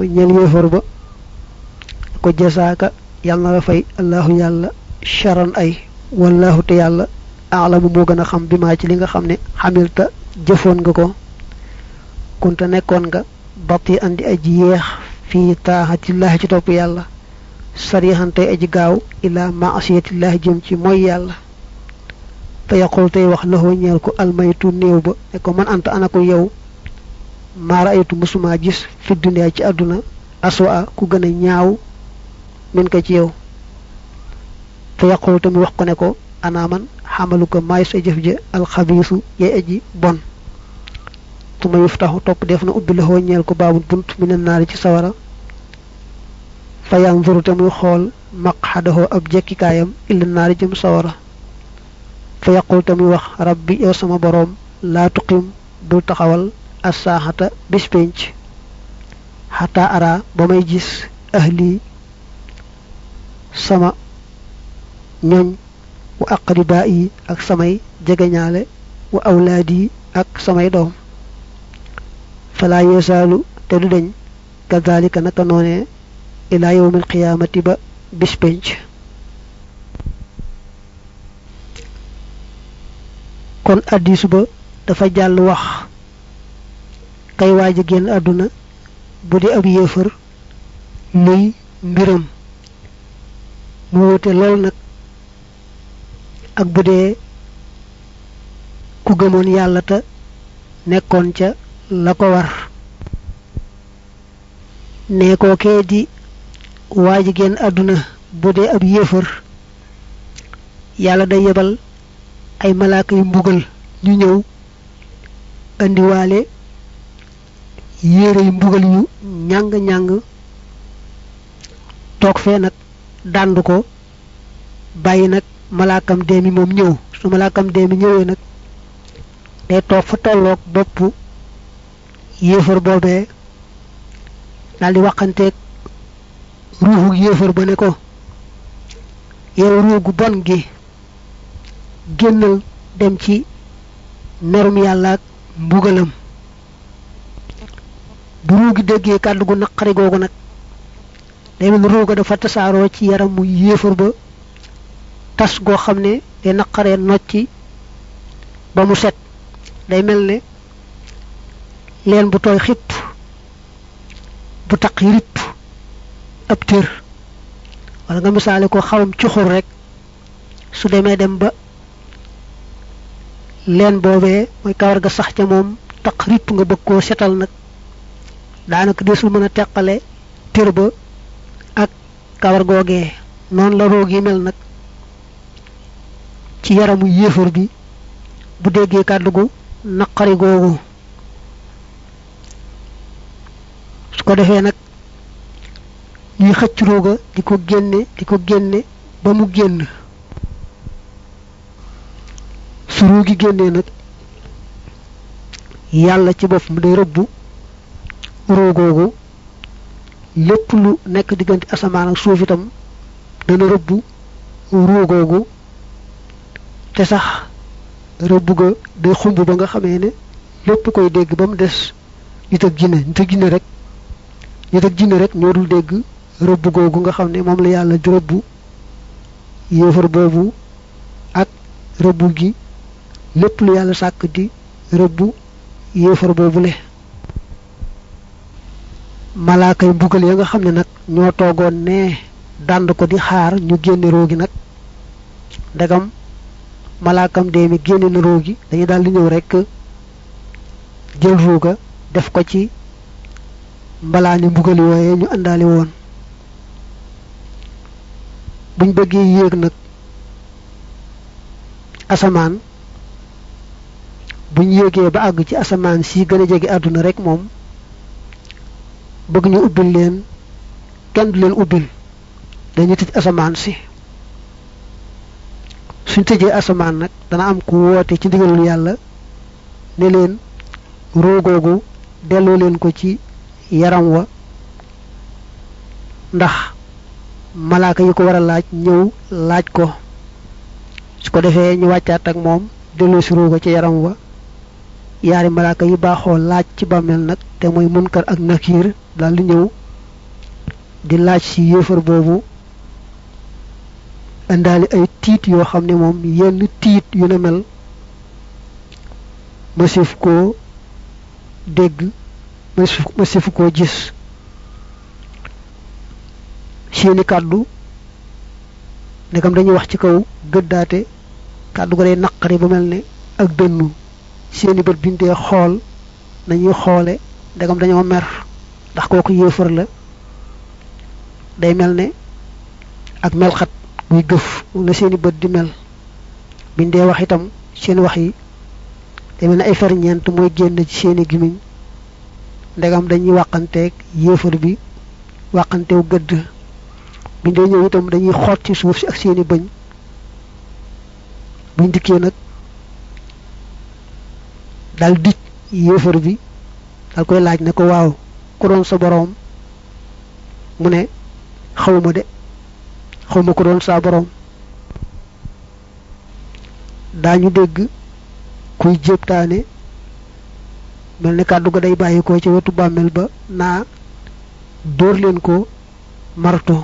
mooy ñeel yéefar ba ko jasaaka yàlla na la fay allahu yàlla charan ay wallahu te yàlla aalamu moo gën a xam bi maa ci li nga xam ne xamilta jëfoon nga ko kunta nekkoon nga batti andi aji yeex fii taaxatillaahi ci topp yàlla sarixante aji gaaw ilaa maasiyatillaahi jëm ci mooy yàlla te yaqul tey wax laxoo ñeel ko almaytu néew ba ne ko man anta anaku yow maa raaytu mësumaa gis fi duniyaa ci àdduna aswa ku gën ñaaw min ko ci yow fa yaqulu tamit wax ko ne ko ana man xamalu ko maay sa jëf ja alxabiisu yay aji bon tuma yuftaxu topp def na ubbi loxoo ñeel ko baabul bunt mi ne naari ci sawara fa yanzuru te muy xool maqxadaxoo ab jekkikaayam illa naari jëm sawara fa yaqul te muy wax rabbi yow sama boroom laa tuqim bul taxawal asaaxata bis penc xataa ara ba may gis ahli sama ñoñ wa aqribaa yi ak samay jegeñaale wa awlaad yi ak samay doom falaa te du deñ kadalika naka noone ilaa yawmil qiyaamati ba bis dafa jàll wax kay waa a génn àdduna bu di ab yéefar muy mbiram mu wute lool nag ak bu dee ku gëmoon yàlla te nekkoon ca la ko war ne kookee di waaj a génn àdduna bu dee ab yéefar yàlla day yebal ay malaaka yu mbugal ñu ñëw indiwaale yérey yu mbugal yu ñàng-ñàng toog fee nag dànd ko bàyyi nag malaakam dee mi moom ñëw su malaakam dee mi ñëwee nag day toog fa tolloog bopp yéefar boobee daal di waxanteeg yéefar ba ne ko yow ruux gu bon gi génnal dem ci merum yàlla ak mbugalam bu ruugi déggee kàddu gu naqari googu nag day mel ruuga dafa tasaaroo ci yaram mu yéefar ba tas goo xam ne day naqaree nocci ba mu set day mel ne leen bu tooy xipp bu taq ripp ab tër wala nga misaale ko xawam ci xur rek su demee dem ba leen boobee mooy kawar ga sax ca moom taq ripp nga bëgg koo setal nag daanaka su mën a teqale tér ba ak kawar googee noonu la roog yi mel nag ci yaramu yéefar bi bu déggee kàddu gu naqari googu su ko defee nag ñuy xëcc rooga di ko génne di ko génne ba mu génn su ruu gi génnee nag yàlla ci boppam day rëbbu ruu googu lépp lu nekk diggante asamaan ak suuf itam dana rëbb ruu googu te sax rëbb ga day xumb ba nga xamee ne lépp koy dégg ba mu des nit ak jinne nit ak jinne rek nit ak rek ñoo dul dégg rëbb googu nga xam ne moom la yàlla di rëbb yéefar boobu ak rëbb gi lépp lu yàlla sàkk di rëbbu yéefar boobu le malaakay mbugal ya nga xam ne nag ñoo toogoon ne dànd ko di xaar ñu génne gi nag ndegam malaakam dem mi génne na roogi dañuy daal di ñëw rek jël ruuga def ko ci mbalaani mbugal yooye ñu àndaale woon buñ bëggee yéeg nag asamaan buñ yéegee ba àgg ci asamaan si gën a jege àdduna rek moom bëgg ñu ubbil leen kenn du leen ubbil dañu tëj asamaan si suñ tëjee asamaan nag dana am ku woote ci ndigalul yàlla ne leen roogoogu delloo leen ko ci yaram wa ndax malaaka yi ko war a laaj ñëw laaj ko su ko defee ñu wàccaat ak moom delloo si roogo ci yaram wa yaari malaaka yi baaxoo laaj ci bàmmeel nag te mooy munkar ak nakiir daal di ñëw di laaj ci yéefar boobu indaali ay tiit yoo xam ne moom yenn tiit yu ne mel masif koo dégg masif koo gis seeni kàddu ndegam dañuy wax ci kaw gëddaate kàddu ko day naqari ba mel ne ak dënnu seeni bët bindee xool nañuy xoole dagam dañoo mer ndax kooku yéefar la day mel ne ak melxat buy gëf la seeni bët di mel bindee wax itam seen wax yi day mel ne ay ferñeent mooy génn ci seeni gimiñ ndegam dañuy wàqanteeg yéefar bi wàqantew gëdd bindee ñëw itam dañuy xoot ci suuf si ak seeni bëñ buñ dikkee nag daal dij yéefar bi daal koy laaj ne ko waaw ku doon sa boroom mu ne xawma de xawma ko doon saa boroom daañu dégg kuy jéptaane mel ne kàddu ga day bàyyi ko ci wetu bàmmeel ba naa dóor ko marto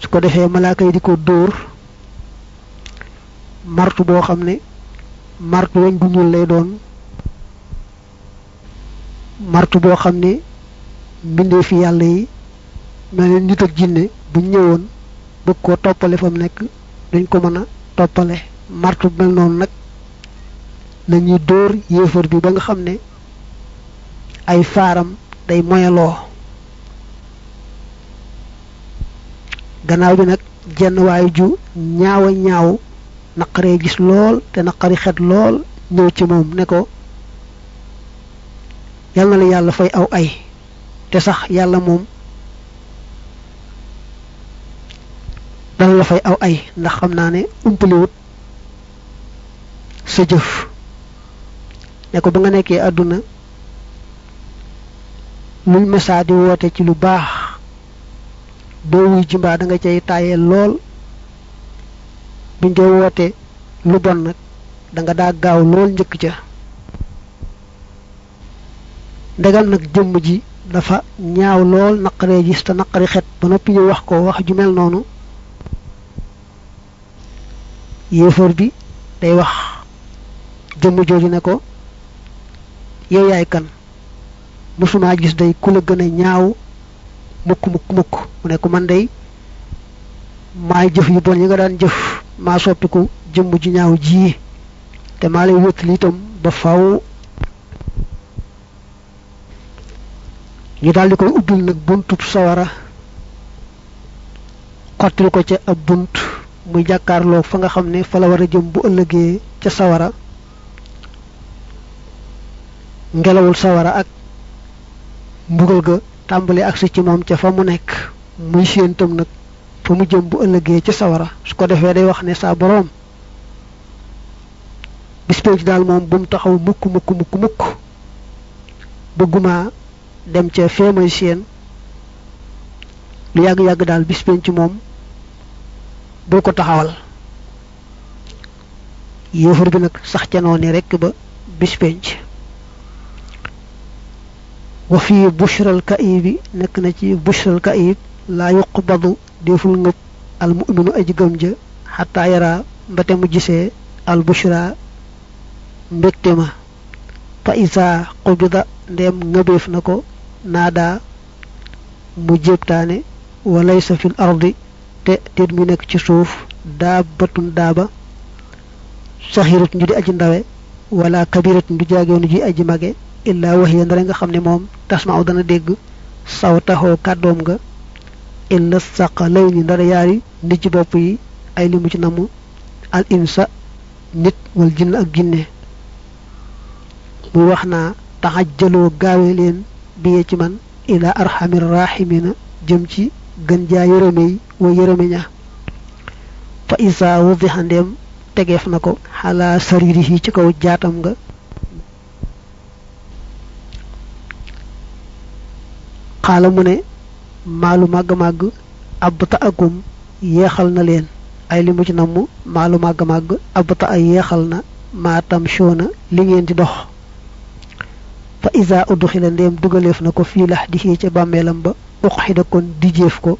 su ko defee malaaka yi di ko dóor martu boo xam ne martu weñ bu ñuul lay doon martu boo xam ne mbindee fi yàlla yi mel ne nit ak jinne bu ñëwoon bëgg koo toppale fa mu nekk dañ ko mën a toppale martu mel noonu nag la ñuy dóor yéefar bi ba nga xam ne ay faaram day moyaloo gannaaw bi nag jenn waayu ju ñaawa ñaaw naqaree gis lool te naqari xet lool ñëw ci moom ne ko yal na la yàlla fay aw ay te sax yàlla moom dana la fay aw ay ndax xam naa ne umpaliwut sa jëf ne ko ba nga nekkee àdduna luñ message di woote ci lu baax boo wuy jimbaa da nga cay taayee lool buñ dee woote lu bon nag da daa gaaw lool njëkk ca ndegam nag jëmm ji dafa ñaaw lool naqaree gis te naqari xet ba noppi ñu wax ko wax ju mel noonu yéefar bi day wax jëmm jooju ne ko yow yaay kan mësumaa gis day ku la gën a ñaaw mukk mukk mukk mu ne ko man dey maay jëf yu bon yi nga daan jëf maa soppiku jëmm ju ñaaw ji te maa lay wéttali itam ba faw ñu daldi di koy ubbil nag buntub sawara xottil ko ca ab bunt muy jàkkaarloo fa nga xam ne fa la war a jëm bu ëllëgee ca sawara ngelawul sawara ak mbugal ga tàmbali agsi ci moom ca fa mu nekk muy séentam nag fa mu jëm bu ëllëgee ca sawara su ko defee day wax ne saa boroom bis penc daal moom bu mu taxaw mukk mukk mukk bëgguma dem ca feemay seen lu yàgg-yàgg daal bis penc moom bul ko taxawal yéefar bi nag sax ca noonu rekk ba bis penc wa bushral kaib bi nekk na ci bushral kaib laa yuqbadu deful ngëb al mu'minu aji gëm ja xataa mbate mu gisee al bushra mbégte ma fa isaa qubida ngëbeef na ko naadaa mu jébtaane walaysa fil ardi te tit mu nekk ci suuf daabatun daaba saxiratun ju di aji ndawe wala kabiratun du jaageenu ji mage illaa wax ya ndare nga xam ni moom tasmaaw dana dégg sawtaxoo kàddoom nga illa saqalayni ndara yaari nit ci bopp yi ay li mu ci namm al insa nit wal jinn ak jinne muy wax naa taxajjaloo gaawe leen biye ci man ila arhamir rahimina jëm ci gën jaa yërëme wa yërëme fa isa wudixa ndeem tegeef na ko xalaa saririhi ci kaw jaatam nga xaala mu ne maalu màgg-màgg ab ta akum yeexal na leen ay li mu ci namm maalu màgg-màgg ab ta ay yeexal na maatam shoona li ngeen di dox fa isa udxila ndéem dugaleef na ko fii lax di xii ca bàmmeelam ba uqxida kon dijéef ko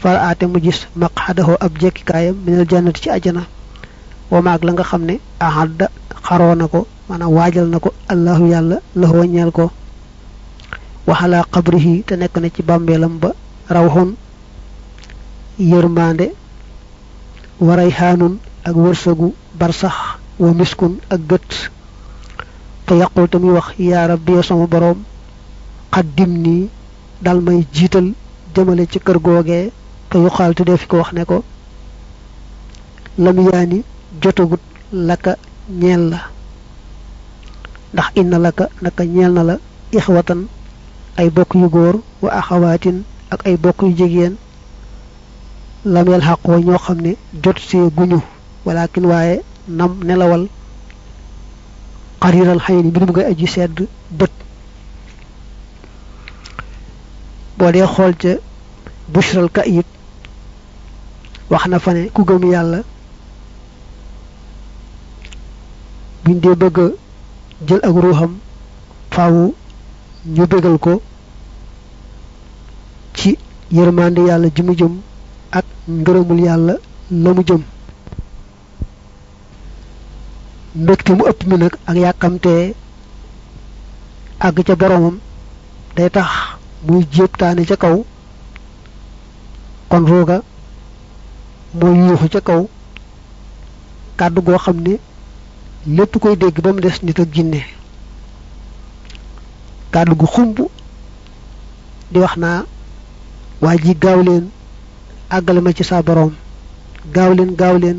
fara aate mu gis maqxadahu ab jekkikaayam minal jannati ci ajana wa maag la nga xam ne ahadda xaroo na ko maanaam waajal na ko allahu yàlla la ñeel ko waxalaa xabrihi te nekk na ci bàmbeelam ba rawxun yërmaande wa rayhaanun ak wërsëgu barsax wa miskun ak gët te yaqul tamuy wax yaa rabbi sama boroom xaddim nii dal may jiital jëmale ci kër googee te yuxaal te def ko wax ne ko lam yaani jotagut laka ñeel la ndax inna laka naka ñeel na la ixwatan ay bokk yu góor wa axawaatin ak ay bokk yu jigéen lam yal xàqoo ñoo xam ne jot see guñu walakin waaye nam nelawal xariiral xay ni mbirum ngay aji sedd bët boo dee xool ca bushral ka it wax na fa ne ku gëm yàlla buñ dee bëgg jël ak ruuxam faawu ñu bégal ko ci yërmande yàlla ji mu jëm ak ngërëmul yàlla la mu jëm mbégte mu ëpp mi nag ak yàkkamtee àgg ca boromam day tax muy jéebtaane ca kaw kon rooga moo yuuxu ca kaw kàddu goo xam ne lépp koy dégg ba mu des nit ak jinne kàddu gu xumb di wax naa waa ji gaaw leen àggale ma ci saa boroom gaaw leen gaaw leen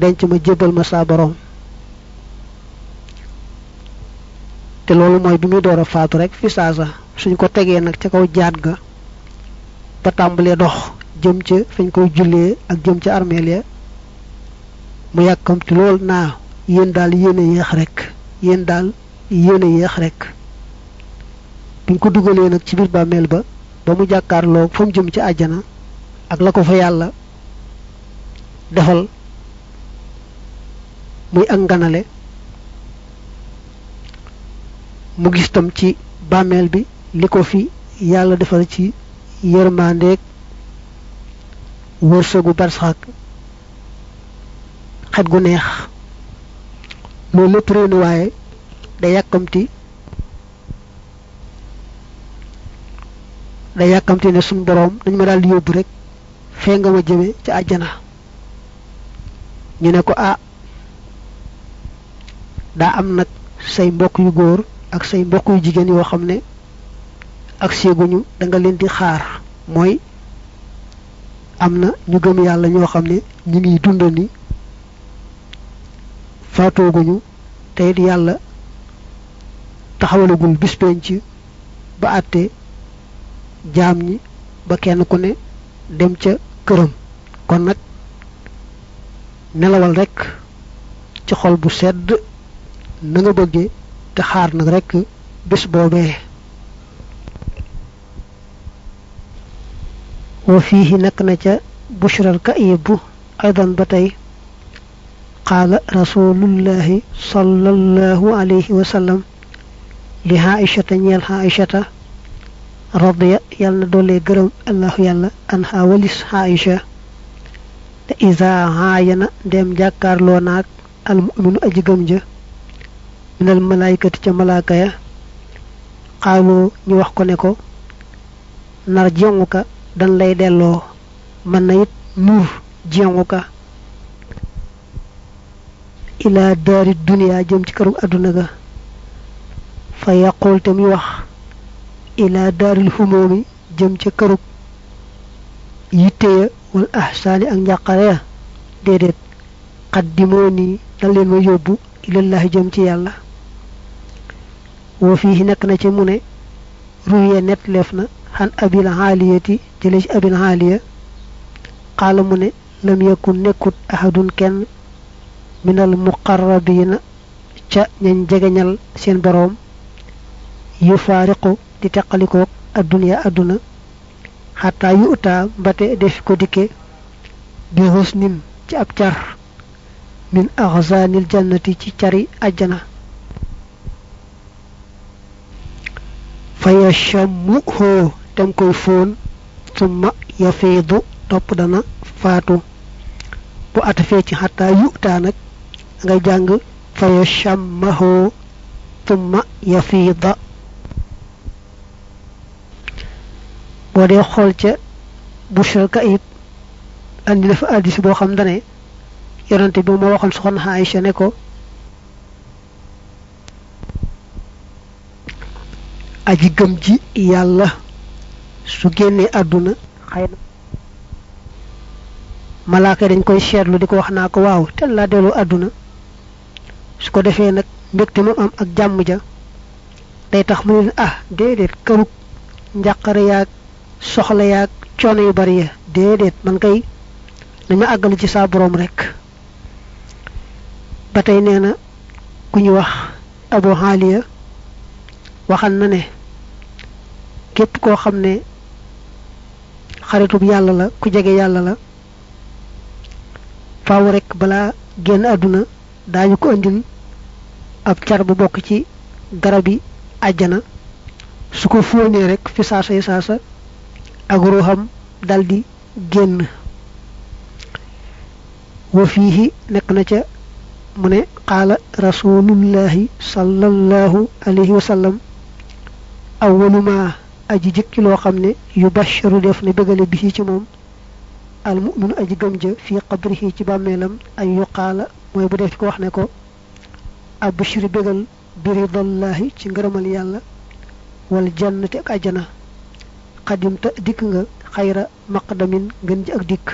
denc ma jébbal ma saa boroom te loolu mooy bi muy door a faatu rekk fi saasa suñ ko tegee nag ca kaw jaat ga ba tàmbalee dox jëm ca fañ koy jullee ak jëm ca armeel ya mu yàkkamti lool naa yéen daal yéen a yéex rek yéen daal yéene yéex rek ko dugalee nag ci biir bàmmeel ba ba mu jàkkaarloo fa jëm ci àjjana ak la ko fa yàlla defal muy ak nganale mu gis tam ci bàmmeel bi li ko fi yàlla defal ci yërmandeeg wërsëgu barsax xet gu neex loolu lépp réenu waaye da yàkkamti da yàkkamti ne suñ boroom dañ ma daal di yóbbu rek fee nga ma jëme ca àjjana ñu ne ko ah daa am nag say mbokk yu góor ak say mbokk yu jigéen yoo xam ne ak séeguñu da nga leen di xaar mooy am na ñu gëm yàlla ñoo xam ne ñu ngi dund ni faatooguñu te yàlla taxawalagul bis penc ba àtte jaam ñi ba kenn ku ne dem ca këram kon nag nelawal rekk ci xol bu sedd na nga bëggee te xaar nag rekk bés boobee wa fiihi nekk na ca bushral ka yebbu aydan ba tey qaala rasulullahi sallallahu alayhi wa sallam li Aïchata ñeel Aïchata radiya yàlla doole gërëm allahu yàlla anha walis Aïcha te isa haayana ndem jàkkaarloo naag almuminu aji gëm ja minal malaykati ca malaaka ya xaaloo ñu wax ko ne ko nar jengu ka dan lay delloo mën na it nuur jengu ka ilaa daari duniyaa jëm ci këru àdduna ga fa yaqul te muy wax ilaa daaril humoomi jëm ca kërug yitte ya wal ahsaani ak njàqare ya déedéet xaddimoo nii leen ma yóbbu ilallahi jëm ci yàlla woo fii nekk na ci mu ne ruye net leef na xan abil xaaliyati jële ci abil xaaliya xaala mu ne lam yakun nekkut ahadun kenn minal muqarrabiina ca ñañ jegeñal seen boroom yu faariqu di teqalikoog adduniya adduna xataa yu utaa mbate def ko dikke bi husnin ci ab car min axzaanil jannati ci cari àjjana fa yashammu hoo dem koy fóon summa yafiidu topp dana faatu bu atafee ci xataa yu utaa nag ngay jàng fa yashamma hoo summa yafiida boo dee xool ca Bushra Kaïb andi dafa addis boo xam dane yonante bi moo waxoon soxna Aïcha ne ko aji gëm ji yàlla su génnee àdduna xëy na malaaka dañ koy seetlu di ko wax naa ko waaw tel laa delloo àdduna su ko defee nag mbégte mu am ak jàmm ja day tax mu ne ah déedéet kërug njàqare yaag soxla yaag coono yu bari ya déedéet man kay nañu àggal ci saa boroom rekk ba tey nee na ku ñu wax abu xaaliya waxal na ne képp koo xam ne xaritu yàlla la ku jege yàlla la faaw rekk balaa génn àdduna daañu ko indil ab car bu bokk ci garab yi àjjana su ko fóonee rekk fi saasa saasa ak ruuxam daldi génn wa fiihi nekk na ca mu ne qaala rasulullahi sallallahu alayhi wa sallam awwaluma aji jëkki loo xam ne yu basharu def ne bëggale bi ci moom al mu'minu aji gëm ja fii qabrihi ci bàmmeelam an yuqaala mooy bu def ko wax ne ko abshir bégal bi ridallahi ci ngërëmal yàlla wal jannati ak ajjana xadimta dikk nga xayra maqdamin ngën ji ak dikk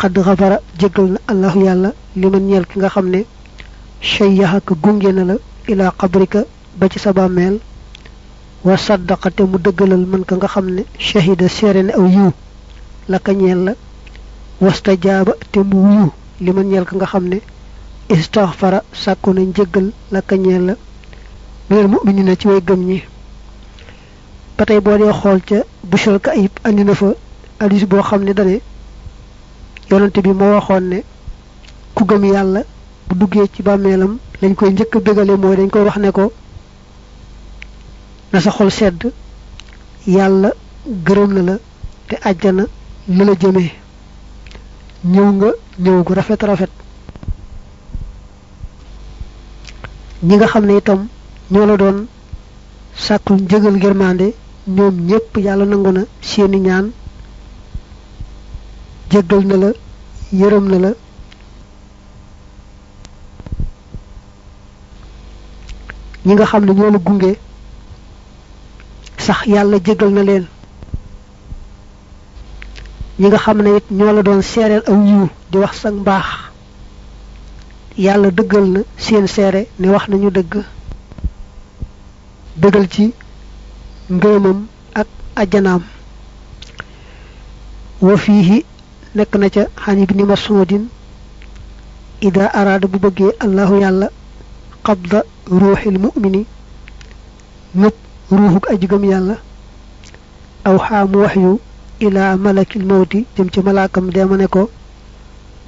xad xafara jégal na allahu yàlla li ma ñeel ki nga xam ne shayyaxaka gunge na la ilaa xabrika ba ci sa bàmmeel wa saddaqa te mu dëggalal mën nga xam ne shahida seere ne aw yiw la ka ñeel la wastajaaba te mu wuyu li ma ñeel ka nga xam ne istaxfara sàkku na njëggal la ka ñeel la minal ci way gëm ñi bu ka ayib andi na fa hadis boo xam ne dane yonante bi moo waxoon ne ku gëm yàlla bu duggee ci bàmmeelam lañ koy njëkk a bégale mooy dañ koy wax ne ko na sa xol sedd yàlla gërëm na la te àjjana la la jëmee ñëw nga ñëw gu rafet rafet ñi nga xam ne itam ñoo la doon sàkkul njëgal ngirmande ñoom ñépp yàlla nangu na seeni ñaan jéggal na la yërëm na la ñi nga xam ne ñoo la gunge sax yàlla jéggal na leen ñi nga xam ne it ñoo la doon seereel aw yiw di wax sa mbaax yàlla dëggal na seen seere ne wax nañu dëgg dëggal ci ngërëmam ak ajjanaam wa fiihi nekk na ca xan ibni masudin ida araada bu bëggee allahu yàlla qabda ruuxil mu'mini nëpp ruuxug aji yàlla aw xaamu wax yu ilaa malakil mawti jëm ci malaakam dema ne ko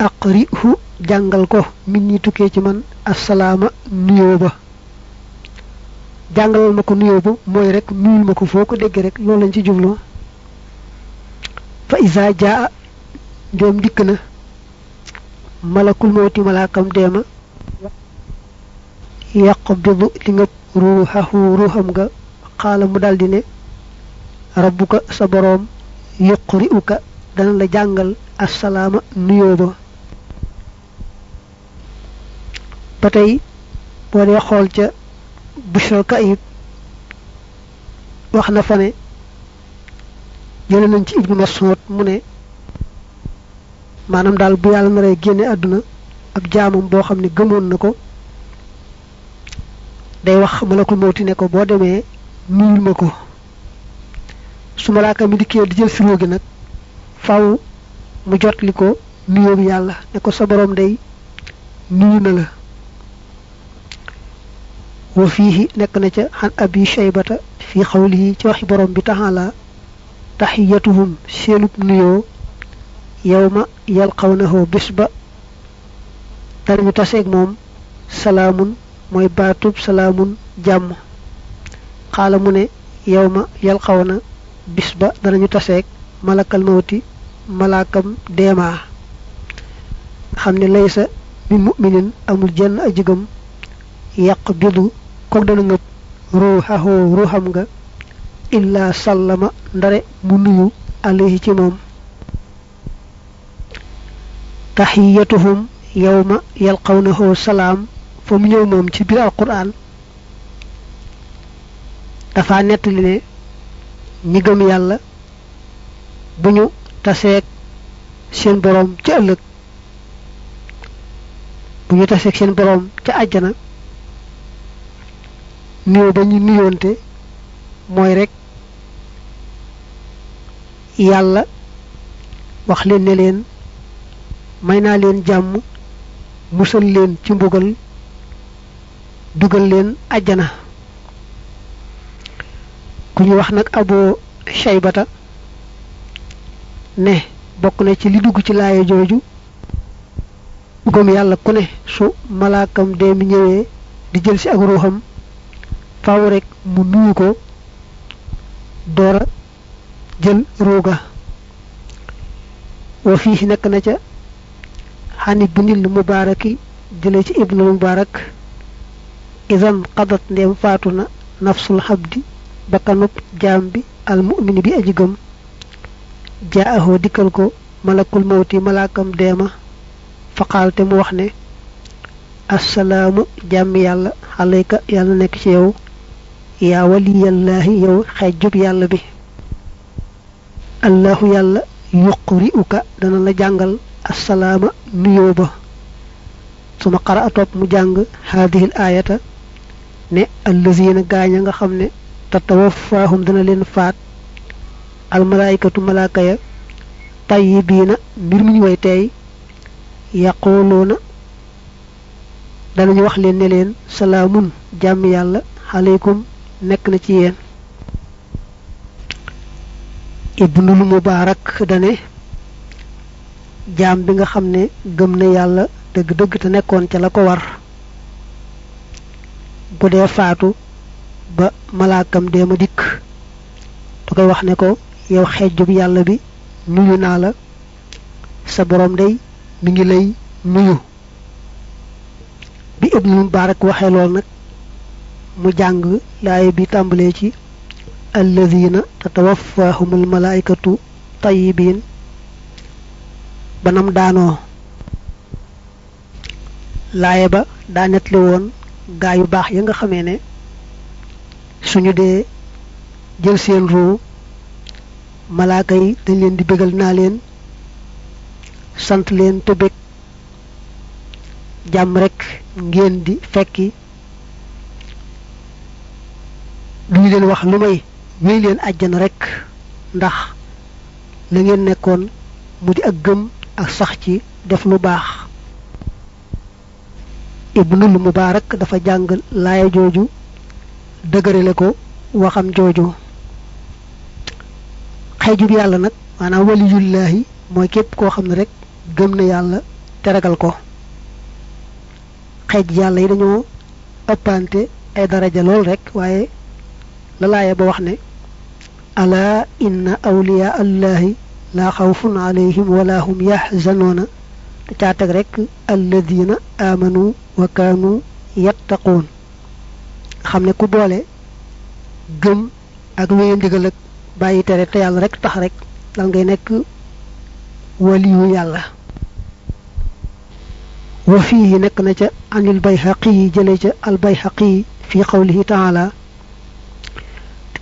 aqrihu jàngal ko min ñi tukkee ci man assalaama nuyoo jàngalal ma ko nuyoo ba mooy rek nuyul ma ko foo ko déggee rek loolu lañ ci jublu fa isa jaa ndoom dikk na malakul mawti malaakam deema yaqbidu li nga ruuxam nga xaala mu daldi ne rabbuka sa boroom yuqri'uka dana la jàngal assalaama nuyoo ba ba tey boo dee xool ca Bushra Kaib wax na fa ne jële nañ ci Ibnu Mas'ud mu ne maanaam daal bu yàlla naree génne àdduna ab jaamam boo xam ne gëmoon na ko day wax malakul mawti ne ko boo demee nuyul ma ko su malaaka mi dikkee di jël si roo gi nag faw mu jot li ko nuyoo bi yàlla ne ko sa borom day nuyu na la wa fiihi nekk na ca xan abi shaybata fi xawlihi ci waxi borom bi taxaala taxiyatuhum seenub nuyoo yawma yalqawnahu bis ba danañu taseeg moom salaamun mooy baatub salaamun jàmm xaala mu ne yawma yalqawna bis ba danañu taseeg malakal mawti malaakam deemaa xam ne laysa min muminin amul jenn ajigam yàq bidu kook dana ngëb ruuxahu ruuxam nga illaa sallama ndare mu nuyu alayhi ci moom taxiyatuhum yawma yalqawnahu salaam fa mu ñëw moom ci biir alquran dafa nettali ñi gëm yàlla bu ñu taseeg seen boroom ca ëllëg bu ñu taseeg seen boroom ca àjjana nuyoo ba ñu nuyoonte mooy rek yàlla wax leen ne leen may naa leen jàmm musal leen ci mbugal dugal leen ajjana ku ñu wax nag aboo shaybata ne bokk na ci li dugg ci laaya jooju gëm yàlla ku ne su malaakam dem ñëwee di jël ci ak ruuxam faaw mu nuyu ko door a jël ruuga wa fii nekk na ca xanit bu nil mubaaraki jële ci ibnul mubaarak isan xadat ndeem faatu na nafsul xabdi bakkanub jaam bi almumin bi aji gëm jaahoo dikkal ko malakul mawti malaakam deema faqaal te mu wax ne assalaamu jàmm yàlla xalayka yàlla nekk ci yow yaa waliyallaahi yow xejjub yàlla bi allahu yàlla yuqri uka dana la jàngal assalaama nuyoo ba suma xara a mu jàng haadihil aayata ne allazina gaañ a nga xam ne tatawafaahum dana leen faat almalaykatu malaaka ya tayyibiina mbir mi ñu way teey yaqooloona danañu wax leen ne leen salaamun jàmm yàlla aleykum nekk na ci yéen mu mubaarak dane jaam bi nga xam ne gëm na yàlla dëgg-dëgg te nekkoon ca la ko war bu dee faatu ba malaakam dee ma dikk da koy wax ne ko yow xejjub yàlla bi nuyu naa la sa boroom day mi ngi lay nuyu bi ibnul mubaarak waxee lool nag mu jàng laay bi tàmbalee ci te alladina tatawaffahumul malaikatu tayyibin banam daanoo laaya ba daa nettali woon gaa yu baax ya nga xamee ne suñu dee jël seen ruu malaaka yi dañ leen di bégal naa leen sant leen te bég jàmm rekk ngeen di fekki duñu leen wax lu may wéy leen àjjana rekk ndax la ngeen nekkoon mu di ak gëm ak sax ci def lu baax ibnul mubaarak dafa jàng laaya jooju dëgërale ko waxam jooju xeejub yàlla nag maanaam waliyullaahi mooy képp koo xam ne rek gëm na yàlla te ragal ko xeej yàlla yi dañoo ëppante ay daraja lool rek waaye la laaya ba wax ne ala inna awliya allahi laa xawfun alayhim wala hum yaxzanoona te caa teg rek alladina amanu wa kaanu yattaqoon xam ne ku boole gëm ak wéye ndigal ak bàyyi tere te yàlla rek tax rek dal ngay nekk waliyu yàlla wa fiihi nekk na ca anil bayxaqi yi jële ca al bayxaqi yi fii qawlihi taala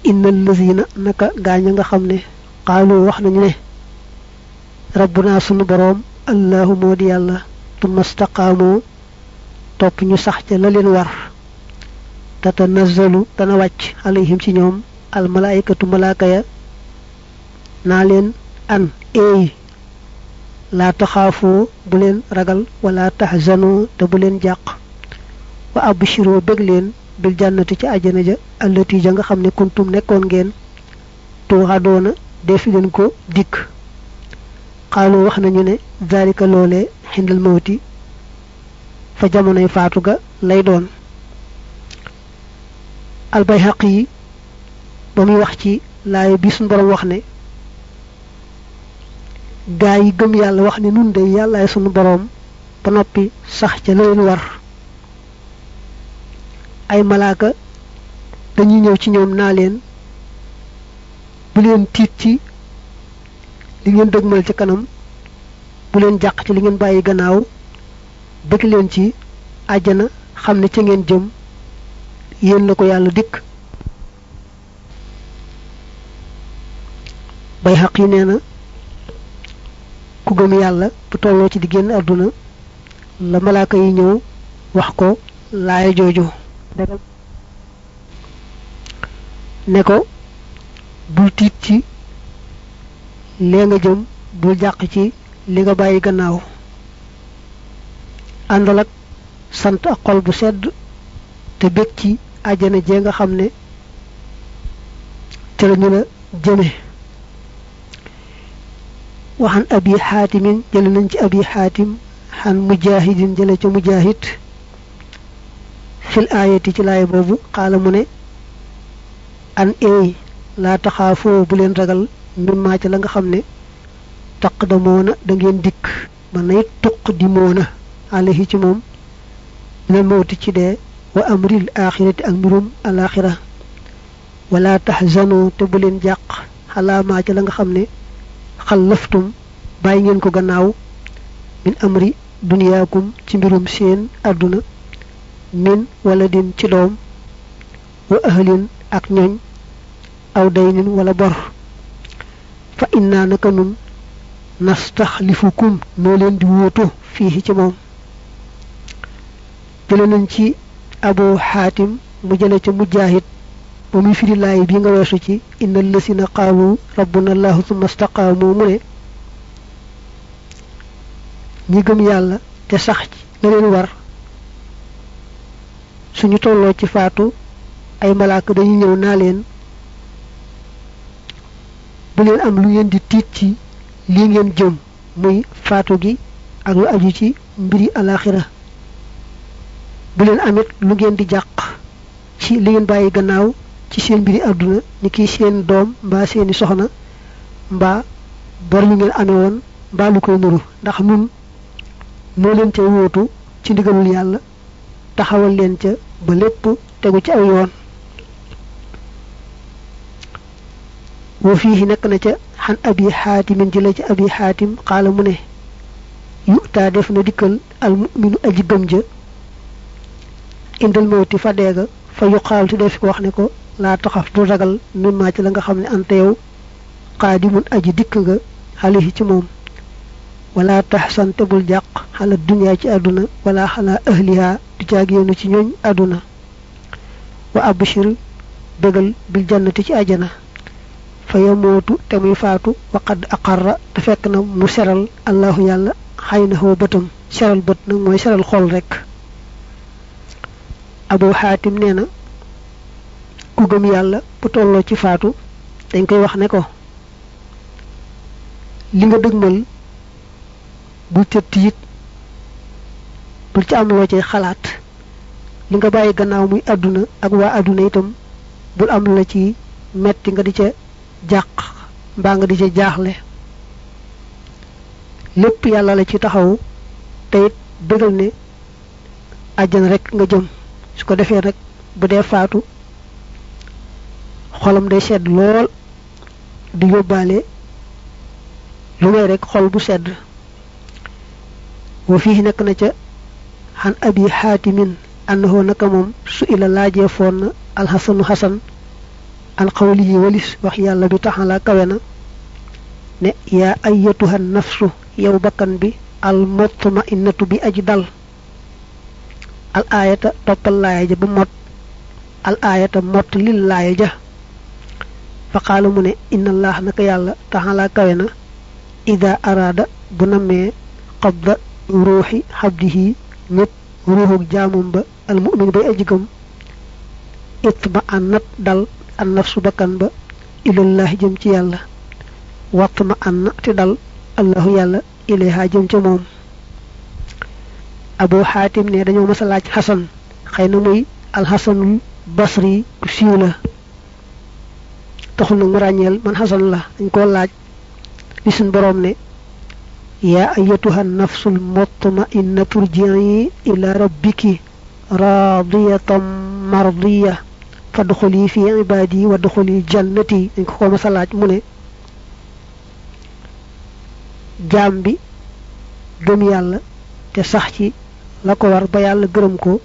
innal lazina naka gaaña nga xam ne xaaloo wax nañu ne rabbunaa sunu boroom allahu moo di yàlla tumma staqaamoo topp ñu sax ca la leen war tatanazzalu dana wàcc alayhim ci ñoom almalaaykatu malaaka ya naa leen an eey laa taxaafoo bu leen ragal wala taxzanoo te bu leen jàq wa abshiroo bég leen bil jannati ca àjjana ja allati ja nga xam ne kuntum nekkoon ngeen tuuxadoona def leen ko dikk xaaloo wax nañu ne zalika loolee xindal mawti fa jamonoy faatu ga lay doon albayhaq yi ba muy wax ci laaya bi suñu borom wax ne gaa yi gëm yàlla wax ne nun de yàllaay sunu boroom ba noppi sax ca la leen war ay malaaka dañuy ñëw ci ñoom naa leen bu leen tiit ci li ngeen dëgmal ci kanam bu leen jàq ci li ngeen bàyyi gannaaw bëgg leen ci àjjana xam ne ca ngeen jëm yéen la ko yàlla dikk bay xaq yi nee na ku gëm yàlla bu tolloo ci di génn àdduna la malaaka yi ñëw wax ko laaya joojoo ndegam ne ko bul tiit ci lee jëm bul jàq ci li nga bàyyi gannaaw àndal ak sant ak xol bu sedd te bég ci àjjana jee nga xam ne ca la ñu la jëme waxan abi xaatimin jële nañ ci abi xaatim xan mujahidin jële ca mujahid fil aayati ci laay boobu xaala mu ne an eey laa taxaafoo bu leen ragal mimmaa ca la nga xam ne taq da moona da ngeen dikk man nay tuq di moona alayhi ci moom minal ci dee wa amril axirati ak mbirum alaxira wala tahzanu te bu leen jàq xalaamaa ca la nga xam ne xallaftum bàyyi ngeen ko gannaaw min amri duniyaakum ci mbirum seen àdduna min waladin ci doom wa ahlin ak ñoñ aw daynin wala bor fa naa naka nun nastaxlifukum noo leen di wóotu fii ci moom jële nañ ci abu xaatim mu jële ca mujjaahid ba muy bi nga weesu ci inna lasina qaamu rabbuna allahu summa staqaamu mu ñi gëm yàlla te sax ci la leen war suñu tolloo ci faatu ay malaaka dañu ñëw naa leen bu leen am lu ngeen di tiit ci lii ngeen jëm muy faatu gi ak lu aju ci mbiri alaxira bu leen amit lu ngeen di jàq ci li ngeen bàyyi gannaaw ci seen mbiri àdduna ni ki seen doom mbaa seeni soxna mbaa bor yu ngeen amee woon koy nuru ndax nun moo leen te wóotu ci ndigalul yàlla taxawal leen ca ba lépp tegu ci aw yoon wa fiihi nekk na ca xan abi xaatimin jële ci abi xaatim xaala mu ne yutaa def na dikkal al muminu aji gëm ja indal mawti fa deega fa yuqaalu te def ko wax ne ko laa taxaf du ragal min maa ci la nga xam ne ante yow qaadimun aji dikk nga xalihi ci moom wala taxsan te jàq xala dunya ci àdduna wala xala ahliha du caag yoonu ci ñooñ àdduna wa abshir bégal bil jannati ci ajana fa yamootu te muy faatu waqad aqarra te fekk na mu seral allahu yàlla xay na xoo bëtam seral bët nag mooy seral xool rekk abu xaatim nee ku gëm yàlla bu tolloo ci faatu dañ koy wax ne ko li nga dëgmal bul ca tiit bul ci am loo cay xalaat li nga bàyyi gannaaw muy àdduna ak waa àdduna itam bul am la ci metti nga di ca jàq mbaa nga di ca jaaxle lépp yàlla la ci taxaw te it dëgal ne àjjana rek nga jëm su ko defee nag bu dee faatu xolam day sedd lool di yóbbaale lu ngay rek xol bu sedd wa fii nekk na ca xan abi xaatimin annahu naka moom su ila laajee foon alxasanu xasan an xawli yi walis wax yàlla bi taxalaa kawe na ne yaa ayyatuha nafsu yow bakkan bi al motma innatu bi aji dal al aayata toppal laaya ja ba mot al aayata mott lil laaya ja fa qaala mu ne inna allah naka yàlla taxalaa kawe na ida araada bu nammee qabda ruuxi xabdihi ñëpp ruuxug jaamam ba almumin bay aji gëm it ba ànnat dal an nafsu ba ilallahi jëm ci yàlla watt ma ànna dal allahu yàlla ilayha jëm ca moom abu xaatim ne dañoo mas laaj xasan xëy na muy alxasanul basri ku siiw la taxul nag mu ràññeel man xasan la dañ koo laaj li suñ boroom ne yaa ayatuha nafsul mutma'inna turji'i ila rabbiki raadiyatan mardiya fadxuli fi ibaadi wadxuli jannati dañ ko ko mas mu ne jaam bi gëm yàlla te sax ci la ko war ba yàlla gërëm ko